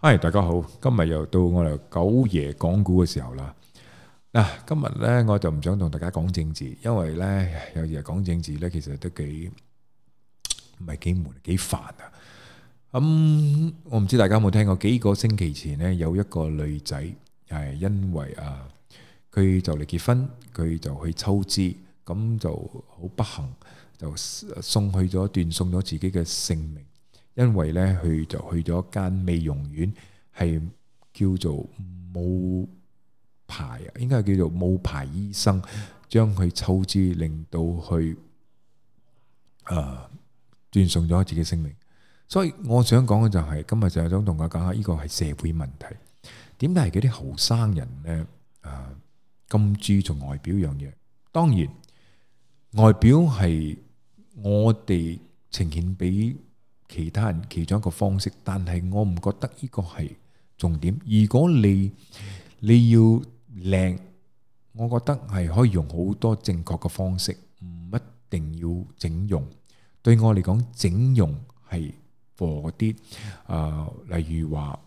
嗨，大家好，今日又到我哋九爺講故嘅時候啦。嗱，今日咧，我就唔想同大家講政治，因為咧，有時講政治咧，其實都幾唔係幾悶，幾煩啊。咁我唔知大家有冇聽過，幾個星期前咧，有一個女仔，誒，因為啊，佢就嚟結婚，佢就去抽脂，咁就好不幸，就送去咗斷送咗自己嘅性命。因為咧，佢就去咗一間美容院，係叫做冇牌啊，應該係叫做冇牌醫生，將佢抽脂，令到佢誒斷送咗自己生命。所以我想講嘅就係今日就想同大家講下呢、這個係社會問題。點解係佢啲後生人咧？誒、呃，咁注重外表樣嘢，當然外表係我哋呈現俾。其他人其中一個方式，但係我唔覺得呢個係重點。如果你你要靚，我覺得係可以用好多正確嘅方式，唔一定要整容。對我嚟講，整容係 for 嗰啲例如話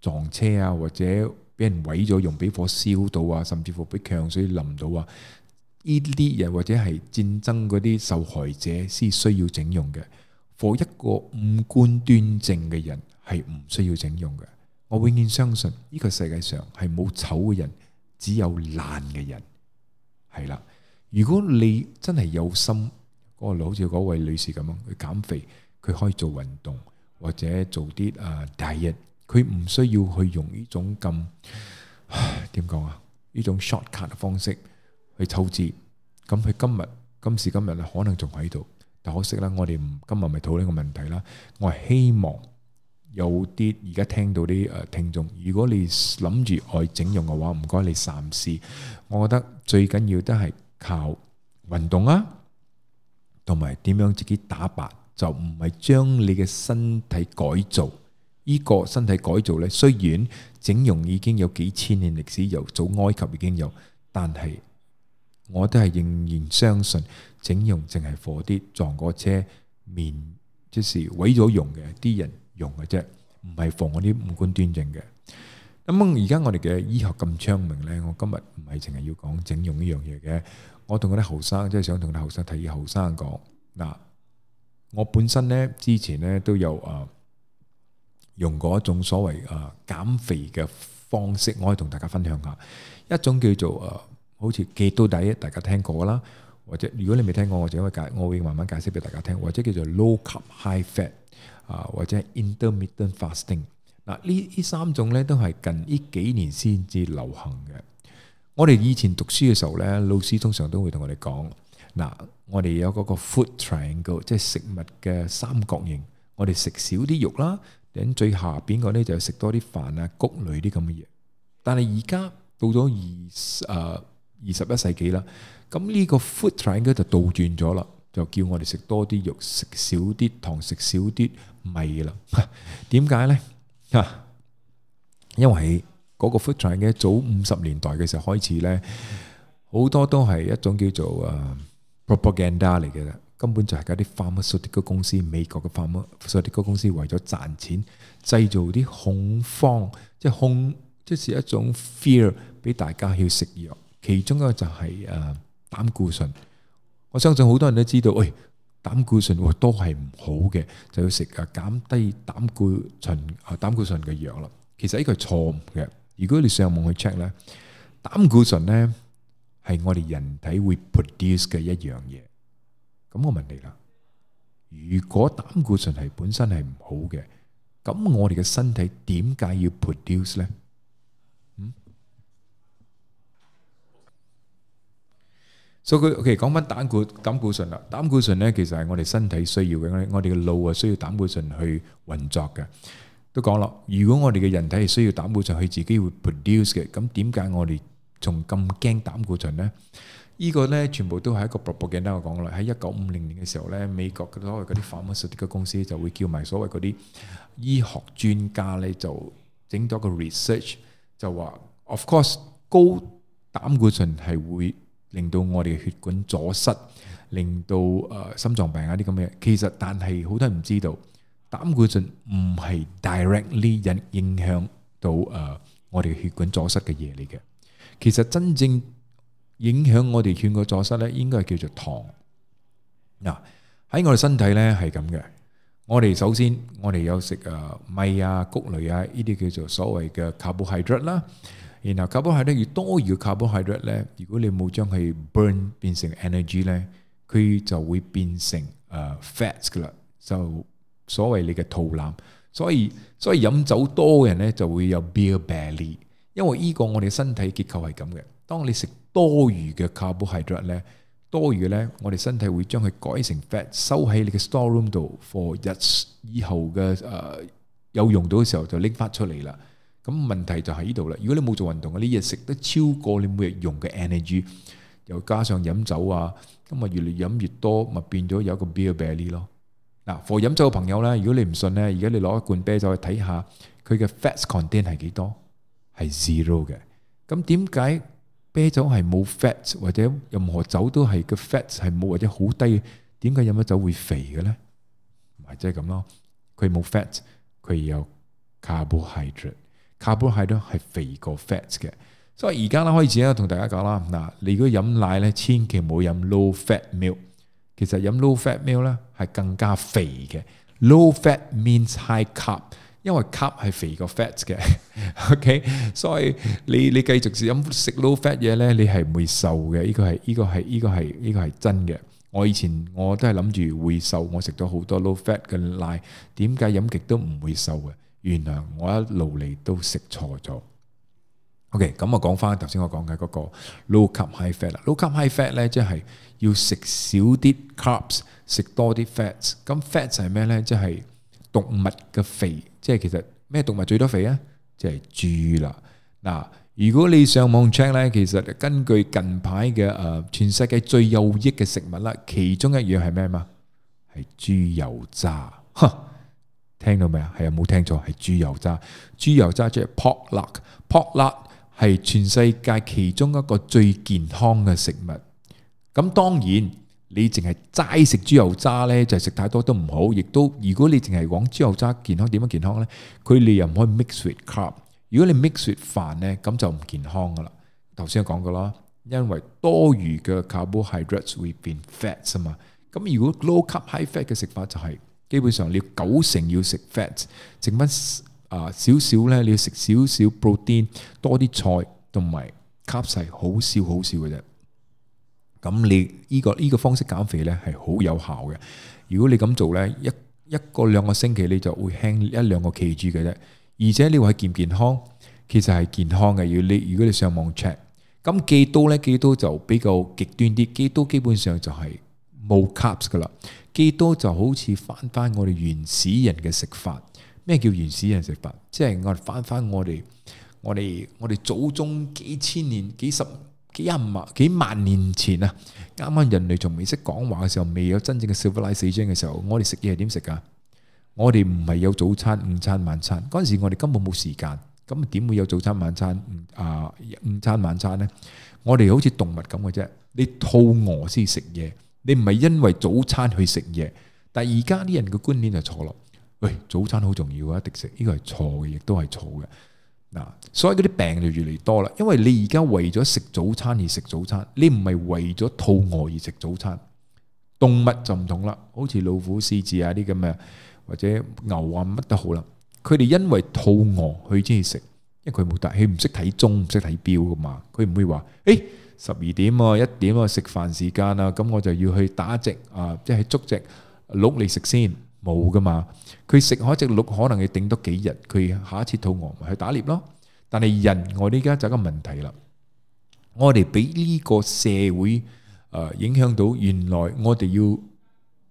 撞車啊，或者俾人毀咗容，用俾火燒到啊，甚至乎俾強水淋到啊，呢啲又或者係戰爭嗰啲受害者先需要整容嘅。火一個五官端正嘅人係唔需要整容嘅。我永遠相信呢個世界上係冇醜嘅人，只有爛嘅人。係啦，如果你真係有心，嗰個好似嗰位女士咁樣去減肥，佢可以做運動或者做啲啊 diet，佢唔需要去用呢種咁點講啊，呢種 short cut 嘅方式去偷捷。咁佢今日今時今日啊，可能仲喺度。可惜啦，我哋唔今日咪討論個問題啦。我係希望有啲而家聽到啲誒聽眾，如果你諗住愛整容嘅話，唔該你三思。我覺得最緊要都係靠運動啊，同埋點樣自己打扮，就唔係將你嘅身體改造。呢個身體改造咧，雖然整容已經有幾千年歷史，由早埃及已經有，但係。我都係仍然相信整容淨係火啲撞過車面，即、就是毀咗容嘅啲人用嘅啫，唔係防嗰啲五官端正嘅。咁而家我哋嘅醫學咁昌明呢，我今日唔係淨係要講整容呢樣嘢嘅。我同嗰啲後生，即、就、係、是、想同啲後生睇提後生講，嗱，我本身呢，之前呢，都有啊、呃、用過一種所謂啊減肥嘅方式，我可以同大家分享一下一種叫做啊。呃好似幾到底大家聽過啦，或者如果你未聽過，我就會解，我會慢慢解釋俾大家聽，或者叫做 low carb high fat 啊、呃，或者 intermittent fasting、呃。嗱，呢呢三種咧都係近呢幾年先至流行嘅。我哋以前讀書嘅時候咧，老師通常都會同我哋講，嗱、呃，我哋有嗰個 food triangle，即係食物嘅三角形，我哋食少啲肉啦，等最下邊個咧就食多啲飯啊、穀類啲咁嘅嘢。但係而家到咗二誒。呃二十一世紀啦，咁、這、呢個 footprint 咧就倒轉咗啦，就叫我哋食多啲肉，食少啲糖少，食少啲米啦。點解咧？嚇、啊，因為嗰個 footprint 咧早五十年代嘅時候開始咧，好、嗯、多都係一種叫做誒、uh, propaganda 嚟嘅，根本就係嗰啲 pharmaceutical 公司、美國嘅 pharmaceutical 公司為咗賺錢製造啲恐慌，即係恐，即、就、係、是、一種 fear 俾大家要食藥。其中一個就係誒膽固醇，我相信好多人都知道，誒膽固醇都係唔好嘅，就要食啊，減低膽固醇啊，膽固醇嘅藥咯。其實呢個係錯誤嘅。如果你上網去 check 咧，膽固醇咧係我哋人體會 produce 嘅一樣嘢。咁我問你啦，如果膽固醇係本身係唔好嘅，咁我哋嘅身體點解要 produce 咧？所以佢，其實講翻膽固膽固醇啦，膽固醇咧其實係我哋身體需要嘅，我我哋嘅腦啊需要膽固醇去運作嘅。都講咯，如果我哋嘅人體係需要膽固醇，佢自己會 produce 嘅，咁點解我哋仲咁驚膽固醇咧？依個咧全部都係一個 propaganda，得我講啦。喺一九五零年嘅時候咧，美國所謂嗰啲反摩斯迪嘅公司就會叫埋所謂嗰啲醫學專家咧，就整咗個 research 就話，of course 高膽固醇係會，令到我哋血管阻塞，令到誒心臟病啊啲咁嘅嘢。其實但係好多人都唔知道，膽固醇唔係 directly 引影響到誒我哋血管阻塞嘅嘢嚟嘅。其實真正影響我哋血管阻塞咧，應該係叫做糖。嗱，喺我哋身體咧係咁嘅，我哋首先我哋有食誒米啊、穀類啊，呢啲叫做所謂嘅 carbohydrate 啦。然後碳水呢，越多嘅 carbohydrate 咧，如果你冇將佢 burn 變成 energy 咧，佢就會變成誒 fats 㗎啦，就所謂你嘅肚腩。所以所以飲酒多嘅人咧，就會有 beer belly，因為依個我哋身體結構係咁嘅。當你食多餘嘅 carbohydrate 咧，多餘嘅咧，我哋身體會將佢改成 fat，收喺你嘅 store room 度 for 日以後嘅誒、呃、有用到嘅時候就拎翻出嚟啦。咁問題就喺呢度啦。如果你冇做運動，啲嘢食得超過你每日用嘅 energy，又加上飲酒啊，咁啊越嚟飲越多，咪變咗有一個 beer belly 咯。嗱，For 飲酒嘅朋友咧，如果你唔信咧，而家你攞一罐啤酒去睇下佢嘅 fat content 係幾多，係 zero 嘅。咁點解啤酒係冇 fat 或者任何酒都係佢 fat 係冇或者好低？點解飲咗酒會肥嘅咧？咪即係咁咯，佢冇 fat，佢有 carbohydrate。carb 係都係肥過 fat 嘅，所以而家咧開始咧同大家講啦，嗱，你如果飲奶咧，千祈唔好飲 low fat milk。其實飲 low fat milk 咧係更加肥嘅。low fat means high carb，因為 carb 係肥過 fat 嘅。OK，所以你你繼續食飲食 low fat 嘢咧，你係唔會瘦嘅。呢個係呢個係呢個係呢個係真嘅。我以前我都係諗住會瘦，我食咗好多 low fat 嘅奶，點解飲極都唔會瘦嘅？原來我一路嚟都食錯咗，OK，咁我講翻頭先我講嘅嗰個 low carb high fat 啦，low carb high fat 咧，即係要食少啲 carbs，食多啲 fats。咁 fats 係咩咧？即係動物嘅肥，即係其實咩動物最多肥啊？即係豬啦。嗱，如果你上網 check 咧，其實根據近排嘅、誒，全世界最有益嘅食物啦，其中一樣係咩嘛？係豬油渣，聽到未啊？係啊，冇聽錯，係豬油渣。豬油渣即係 pork lard。pork lard 係全世界其中一個最健康嘅食物。咁當然你淨係齋食豬油渣咧，就係食太多都唔好，亦都如果你淨係講豬油渣健康點樣健康咧，佢你又唔可以 mix with carb。如果你 mix with 飯咧，咁就唔健康噶啦。頭先講過啦，因為多餘嘅 carbohydrates 會變 fat 㗎嘛。咁如果 low carb high fat 嘅食法就係、是。基本上你要九成要食 fat，剩翻啊少少咧，你要食少少 protein，多啲菜同埋 carbs 係好少好少嘅啫。咁你呢個呢個方式減肥咧，係好有效嘅。如果你咁做咧，一一個兩個星期你就會輕一兩個 kg 嘅啫。而且你話健唔健康，其實係健康嘅。如果你如果你上網 check，咁 keto 咧？keto 就比較極端啲，keto 基本上就係冇 carbs 噶啦。幾多就好似翻翻我哋原始人嘅食法，咩叫原始人食法？即係我哋翻翻我哋，我哋我哋祖宗幾千年、幾十幾廿萬、幾萬年前啊！啱啱人類仲未識講話嘅時候，未有真正嘅 civilization 嘅時候，我哋食嘢係點食噶？我哋唔係有早餐、午餐、晚餐，嗰陣時我哋根本冇時間，咁點會有早餐、晚餐、啊、呃、午餐、晚餐呢？我哋好似動物咁嘅啫，你肚餓先食嘢。你唔係因為早餐去食嘢，但係而家啲人嘅觀念就錯咯。喂，早餐好重要啊，一定食，呢個係錯嘅，亦都係錯嘅。嗱，所以嗰啲病就越嚟越多啦。因為你而家為咗食早餐而食早餐，你唔係為咗肚餓而食早餐。動物就唔同啦，好似老虎、獅子啊啲咁嘅，或者牛啊乜都好啦，佢哋因為肚餓去先去食，因為佢冇得。佢唔識睇鐘，唔識睇錶噶嘛，佢唔會話誒。十二點啊，一點啊，食飯時間啊，咁我就要去打隻啊，即係捉隻鹿嚟食先，冇噶嘛。佢食開隻鹿，可能要頂多幾日，佢下一次肚餓咪去打獵咯。但係人，我呢家就係一個問題啦。我哋俾呢個社會啊、呃、影響到，原來我哋要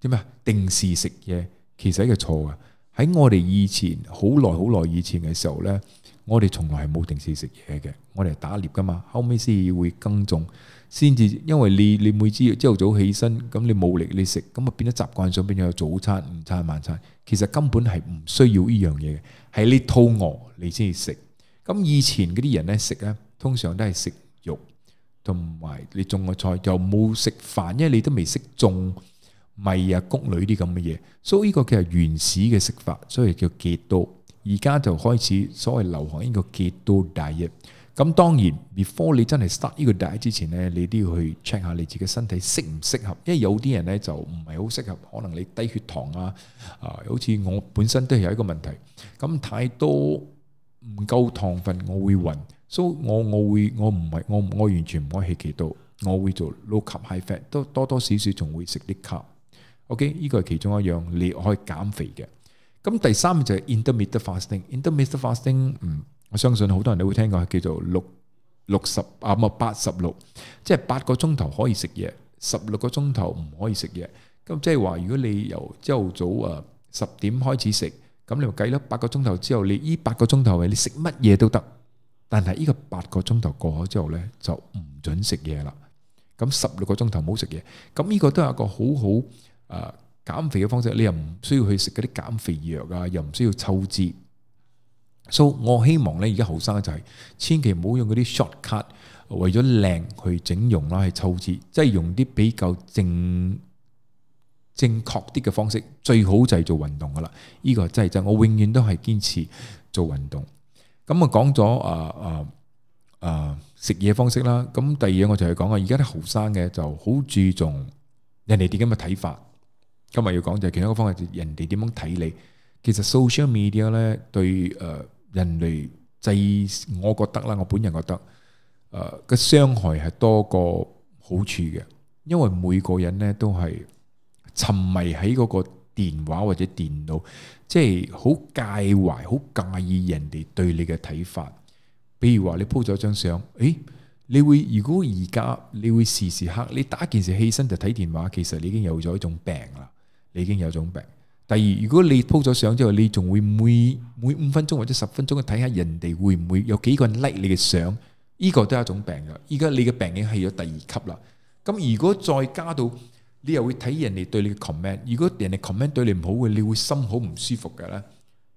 點啊？定時食嘢其實係錯啊！喺我哋以前好耐好耐以前嘅時候呢，我哋從來係冇定時食嘢嘅，我哋係打獵噶嘛，後尾先會耕種，先至因為你你每朝朝早起身，咁你冇力你食，咁啊變咗習慣上變咗有早餐、午餐、晚餐，其實根本係唔需要呢樣嘢嘅，係你肚餓你先至食。咁以前嗰啲人咧食咧，通常都係食肉同埋你種嘅菜，就冇食飯，因為你都未識種米啊、穀類啲咁嘅嘢，所以呢個其實原始嘅食法，所以叫 Keto。而家就開始所謂流行呢個 keto diet，咁當然，before 你真係 start 呢個 keto diet 之前咧，你都要去 check 下你自己身體適唔適合，因為有啲人咧就唔係好適合，可能你低血糖啊，啊，好似我本身都係有一個問題，咁太多唔夠糖分，我會暈，所以我我會我唔係我我完全唔可以去 keto，我會做 low carb high fat，都多多少少仲會食啲 carb，OK，呢個係其中一樣你可以減肥嘅。咁第三就係 intermittent fasting, intermittent fasting、嗯。intermittent fasting，我相信好多人都會聽過，叫做六六十啊嘛八十六，即係八個鐘頭可以食嘢，十六個鐘頭唔可以食嘢。咁即係話，如果你由朝早啊十點開始食，咁你咪計啦，八個鐘頭之後，你依八個鐘頭你食乜嘢都得，但係呢個八個鐘頭過咗之後咧就唔准食嘢啦。咁十六個鐘頭冇食嘢。咁呢個都係一個好好啊～、呃減肥嘅方式，你又唔需要去食嗰啲減肥藥啊，又唔需要抽脂，所、so, 以我希望咧而家後生就係、是、千祈唔好用嗰啲 shortcut，為咗靚去整容啦，去抽脂，即係用啲比較正正確啲嘅方式，最好就係做運動噶啦。呢、這個真係真，我永遠都係堅持做運動。咁啊講咗啊啊啊食嘢方式啦，咁第二樣我就係講啊，而家啲後生嘅就好注重人哋點咁嘅睇法。今日要講就係其中一個方面，就係，人哋點樣睇你？其實 social media 咧，對誒，人類製，我覺得啦，我本人覺得誒嘅、呃、傷害係多過好處嘅，因為每個人咧都係沉迷喺嗰個電話或者電腦，即係好介懷、好介意人哋對你嘅睇法。譬如話你 po 咗張相，誒，你會如果而家你會時時刻，你打件事起身就睇電話，其實你已經有咗一種病啦。你已經有種病。第二，如果你鋪咗相之後，你仲會每每五分鐘或者十分鐘去睇下人哋會唔會有幾個人 like 你嘅相，呢個都係一種病嘅。依家你嘅病已經係咗第二級啦。咁如果再加到你又會睇人哋對你嘅 comment，如果人哋 comment 對你唔好嘅，你會心好唔舒服嘅咧。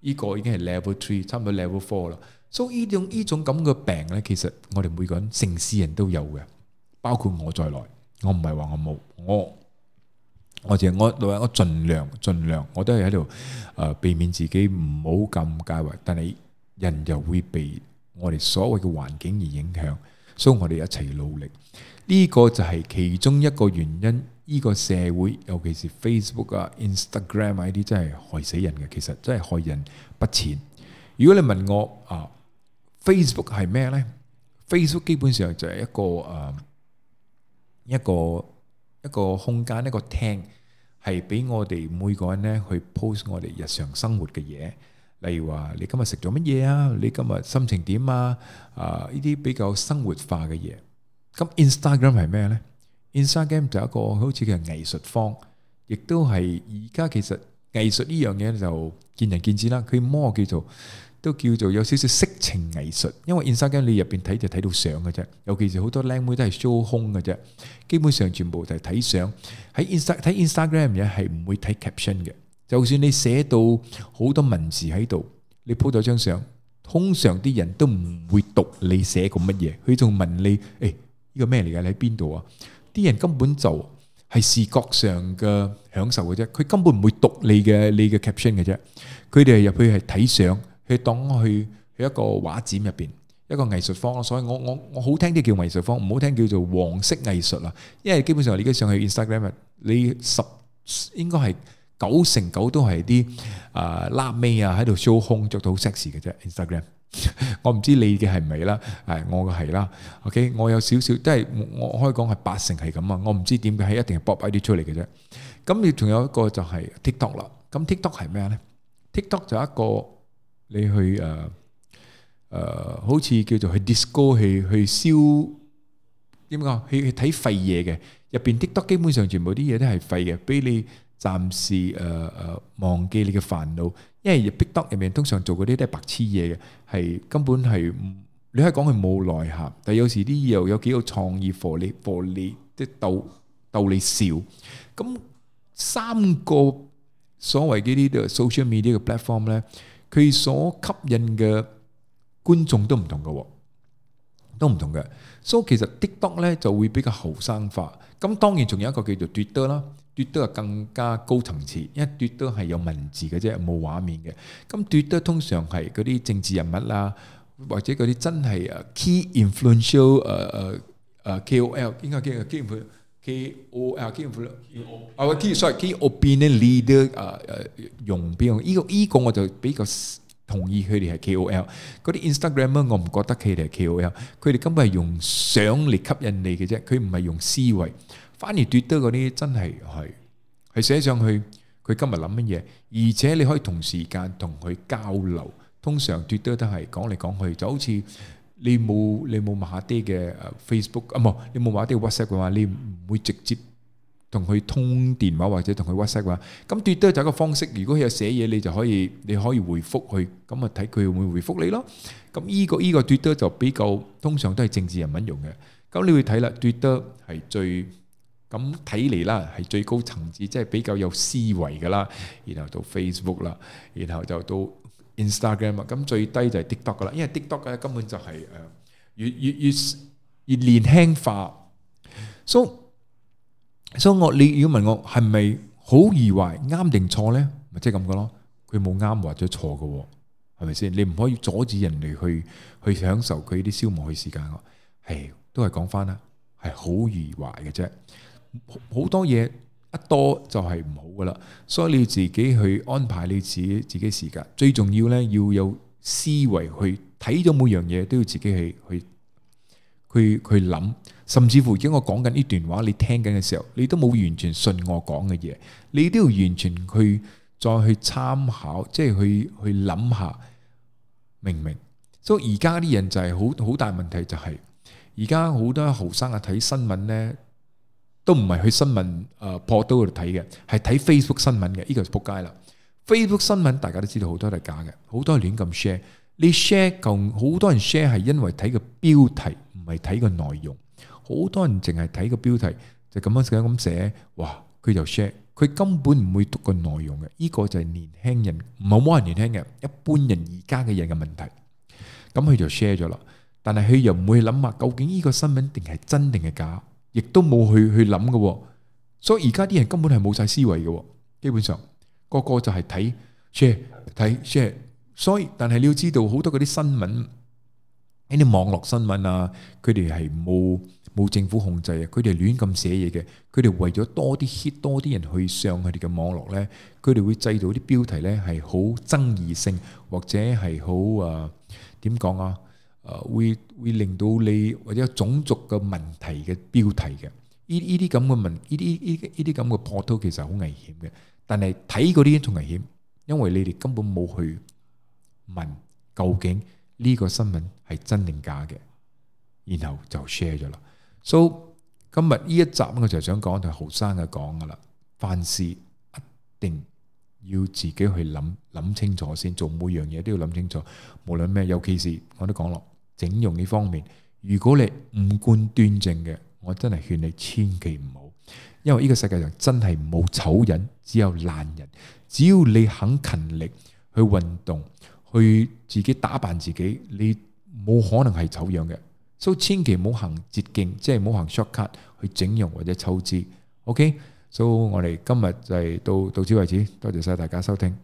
呢個已經係 level three，差唔多 level four 啦。所以呢種呢種咁嘅病咧，其實我哋每個人城市人都有嘅，包括我在內。我唔係話我冇我。我就我，我盡量盡量，我都係喺度，誒、呃，避免自己唔好咁介懷。但係人又會被我哋所謂嘅環境而影響，所以我哋一齊努力。呢個就係其中一個原因。呢個社會，尤其是 Facebook 啊、Instagram 啊呢啲，真係害死人嘅。其實真係害人不淺。如果你問我啊、呃，Facebook 係咩呢？Facebook 基本上就係一個誒、呃，一個。一個空間一個廳係俾我哋每個人咧去 post 我哋日常生活嘅嘢，例如話你今日食咗乜嘢啊，你今日心情點啊，啊呢啲比較生活化嘅嘢。咁 Instagram 係咩咧？Instagram 就係一個好似叫藝術方，亦都係而家其實藝術呢樣嘢就見仁見智啦。佢摩叫做。都叫做有少少色情藝術，因為 Instagram 你入邊睇就睇到相嘅啫。尤其是好多靚妹都係 show 胸嘅啫，基本上全部就係睇相喺。insta 睇 Instagram 嘢係唔會睇 caption 嘅，就算你寫到好多文字喺度，你鋪咗張相，通常啲人都唔會讀你寫過乜嘢。佢仲問你：誒呢個咩嚟噶？你喺邊度啊？啲人根本就係視覺上嘅享受嘅啫，佢根本唔會讀你嘅你嘅 caption 嘅啫。佢哋入去係睇相。去當去去一個畫展入邊，一個藝術坊咯。所以我我我好聽啲叫藝術坊，唔好聽叫做黃色藝術啦。因為基本上你而家上去 Instagram，你十應該係九成九都係啲啊辣妹啊喺度 show 胸，着到好 sexy 嘅啫。Instagram，我唔知你嘅係唔係啦，係我嘅係啦。OK，我有少少即係，我可以講係八成係咁啊。我唔知點解係一定係搏擺啲出嚟嘅啫。咁你仲有一個就係 TikTok 啦。咁 TikTok 係咩咧？TikTok 就一個。你去誒誒，好似叫做去 Discord 去去燒點講，去去睇廢嘢嘅入邊，Discord 基本上全部啲嘢都係廢嘅，俾你暫時誒誒忘記你嘅煩惱，因為 Discord 入面通常做嗰啲都係白痴嘢嘅，係根本係你可以講佢冇內涵，但係有時啲嘢又有幾有創意，for 你 for 你即逗逗你笑。咁三個所謂嗰啲嘅 social media 嘅 platform 咧。佢所吸引嘅觀眾都唔同嘅，都唔同嘅。所以其實 TikTok 咧就會比較後生化。咁當然仲有一個叫做 Twitter 啦，Twitter 係更加高層次，因為 Twitter 係有文字嘅啫，冇畫面嘅。咁 Twitter 通常係嗰啲政治人物啦，或者嗰啲真係誒 key influential 誒誒誒 KOL，應該叫叫佢？佢 O L K O，啊，K 所以佢 O 變咧 leader，誒誒用邊？依個依個我就比較同意佢哋係 K O L。嗰啲 Instagram 咧，我唔覺得佢哋係 K O L，佢哋根本係用相嚟吸引你嘅啫，佢唔係用思維，反而 Twitter 嗰啲真係係係寫上去，佢今日諗乜嘢，而且你可以同時間同佢交流，通常 Twitter 都都係講嚟講去，就好似。你冇你冇買啲嘅 Facebook 啊，唔，你冇買啲 WhatsApp 嘅話，你唔會直接同佢通電話或者同佢 WhatsApp 嘅話，咁 Twitter 就係一個方式。如果佢有寫嘢，你就可以你可以回覆佢，咁啊睇佢會唔會回覆你咯。咁呢個呢個 Twitter 就比較通常都係政治人物用嘅。咁你會睇啦，Twitter 係最咁睇嚟啦，係最高層次，即係比較有思維噶啦。然後到 Facebook 啦，然後就到 Instagram 啊，咁最低就係 TikTok 噶啦，因為 TikTok 咧根本就係誒越越越越年輕化，所以所以我你要問我係咪好定壞啱定錯咧，咪即係咁噶咯？佢冇啱或者錯噶，係咪先？你唔可以阻止人哋去去享受佢啲消磨嘅時間。係都係講翻啦，係好定壞嘅啫，好多嘢。一多就係，唔好噶啦，所以你要自己去安排你自己自己時間。最重要咧，要有思維去睇咗每樣嘢，都要自己去去去去諗。甚至乎，而家我講緊呢段話，你聽緊嘅時候，你都冇完全信我講嘅嘢，你都要完全去再去參考，即係去去諗下，明唔明？所以而家啲人就係好好大問題，就是，就係而家好多後生啊睇新聞咧。都唔係去新聞誒 portal 到度睇嘅，係睇、這個、Facebook 新聞嘅，呢個就撲街啦！Facebook 新聞大家都知道好多係假嘅，好多係亂咁 share。你 share 同好多人 share 係因為睇個標題，唔係睇個內容。好多人淨係睇個標題就咁樣咁寫，哇！佢就 share，佢根本唔會讀個內容嘅。呢、這個就係年輕人唔係冇人年輕人，一般人而家嘅嘢嘅問題。咁佢就 share 咗啦，但係佢又唔會諗下究竟呢個新聞定係真定係假。亦都冇去去諗嘅，所以而家啲人根本係冇晒思維嘅，基本上個個就係睇 share、睇 share，所以但係你要知道好多嗰啲新聞，啲網絡新聞啊，佢哋係冇冇政府控制啊，佢哋亂咁寫嘢嘅，佢哋為咗多啲 hit 多啲人去上佢哋嘅網絡咧，佢哋會製造啲標題咧係好爭議性或者係好呃點講啊？誒，會會令到你或者種族嘅問題嘅標題嘅，依依啲咁嘅文，依啲依啲咁嘅破刀其實好危險嘅。但係睇嗰啲仲危險，因為你哋根本冇去問究竟呢個新聞係真定假嘅，然後就 share 咗啦。So，今日呢一集我就想講，就後生嘅講噶啦，凡事一定要自己去諗諗清楚先，做每樣嘢都要諗清楚，無論咩，尤其是我都講咯。整容呢方面，如果你五官端正嘅，我真係勸你千祈唔好，因為呢個世界上真係冇醜人，只有爛人。只要你肯勤力去運動，去自己打扮自己，你冇可能係醜樣嘅，所以千祈唔好行捷徑，即係唔好行 short cut 去整容或者抽脂。OK，所以我哋今日就係到到此為止，多謝晒大家收聽。